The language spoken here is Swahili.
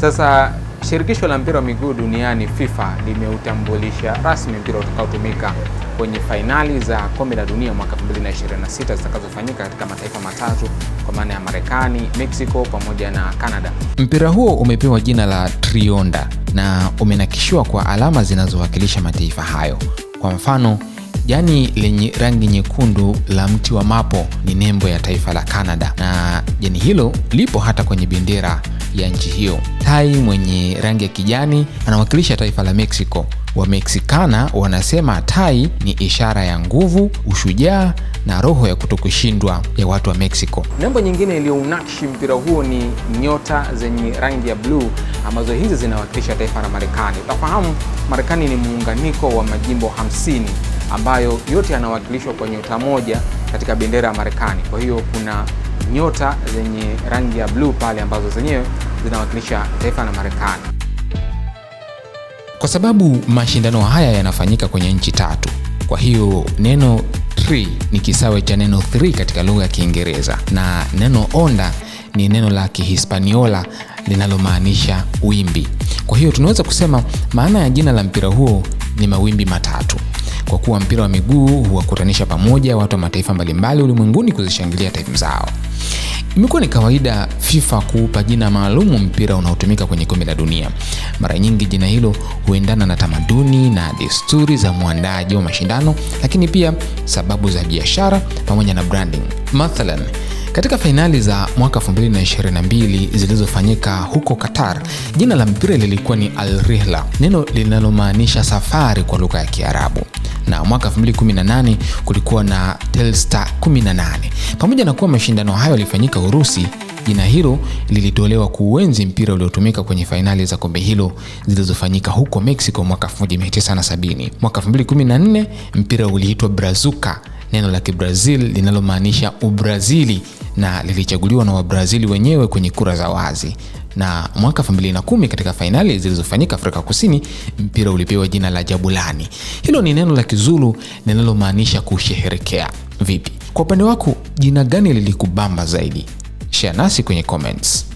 Sasa shirikisho la mpira wa miguu duniani FIFA limeutambulisha rasmi mpira utakaotumika kwenye fainali za kombe la dunia mwaka 2026 zitakazofanyika katika mataifa matatu kwa maana ya Marekani, Mexico pamoja na Canada. Mpira huo umepewa jina la Trionda na umenakishiwa kwa alama zinazowakilisha mataifa hayo. Kwa mfano Jani lenye rangi nyekundu la mti wa mapo ni nembo ya taifa la Canada na jani hilo lipo hata kwenye bendera ya nchi hiyo. Tai mwenye rangi ya kijani anawakilisha taifa la Mexico. Wameksikana wanasema tai ni ishara ya nguvu, ushujaa na roho ya kutokushindwa ya watu wa Mexico. Nembo nyingine iliyounakshi mpira huo ni nyota zenye rangi ya bluu ambazo hizi zinawakilisha taifa la Marekani. Utafahamu Marekani ni muunganiko wa majimbo 50 ambayo yote yanawakilishwa kwa nyota moja katika bendera ya Marekani. Kwa hiyo kuna nyota zenye rangi ya bluu pale ambazo zenyewe zinawakilisha taifa la Marekani. Kwa sababu mashindano haya yanafanyika kwenye nchi tatu, kwa hiyo neno tree ni kisawe cha neno three katika lugha ya Kiingereza na neno onda ni neno la Kihispaniola linalomaanisha wimbi. Kwa hiyo tunaweza kusema maana ya jina la mpira huo ni mawimbi matatu kwa kuwa mpira wa miguu huwakutanisha pamoja watu wa mataifa mbalimbali ulimwenguni kuzishangilia timu zao. Imekuwa ni kawaida FIFA kuupa jina maalumu mpira unaotumika kwenye kombe la dunia. Mara nyingi jina hilo huendana na tamaduni na desturi za mwandaji wa mashindano, lakini pia sababu za biashara pamoja na branding. Mathalan, katika fainali za mwaka 2022 zilizofanyika huko Qatar, jina la mpira lilikuwa ni Al Rihla, neno linalomaanisha safari kwa lugha ya Kiarabu na mwaka 2018 kulikuwa na Telstar 18. Pamoja na kuwa mashindano hayo yalifanyika Urusi, jina hilo lilitolewa kuuenzi mpira uliotumika kwenye fainali za kombe hilo zilizofanyika huko Mexico mwaka 1970. Mwaka 2014 mpira uliitwa Brazuka, neno la Kibrazil linalomaanisha Ubrazili na lilichaguliwa na Wabrazili wenyewe kwenye kura za wazi na mwaka 2010 katika fainali zilizofanyika Afrika Kusini, mpira ulipewa jina la Jabulani. Hilo ni neno la Kizulu linalomaanisha kusherehekea. Vipi kwa upande wako, jina gani lilikubamba zaidi? Share nasi kwenye comments.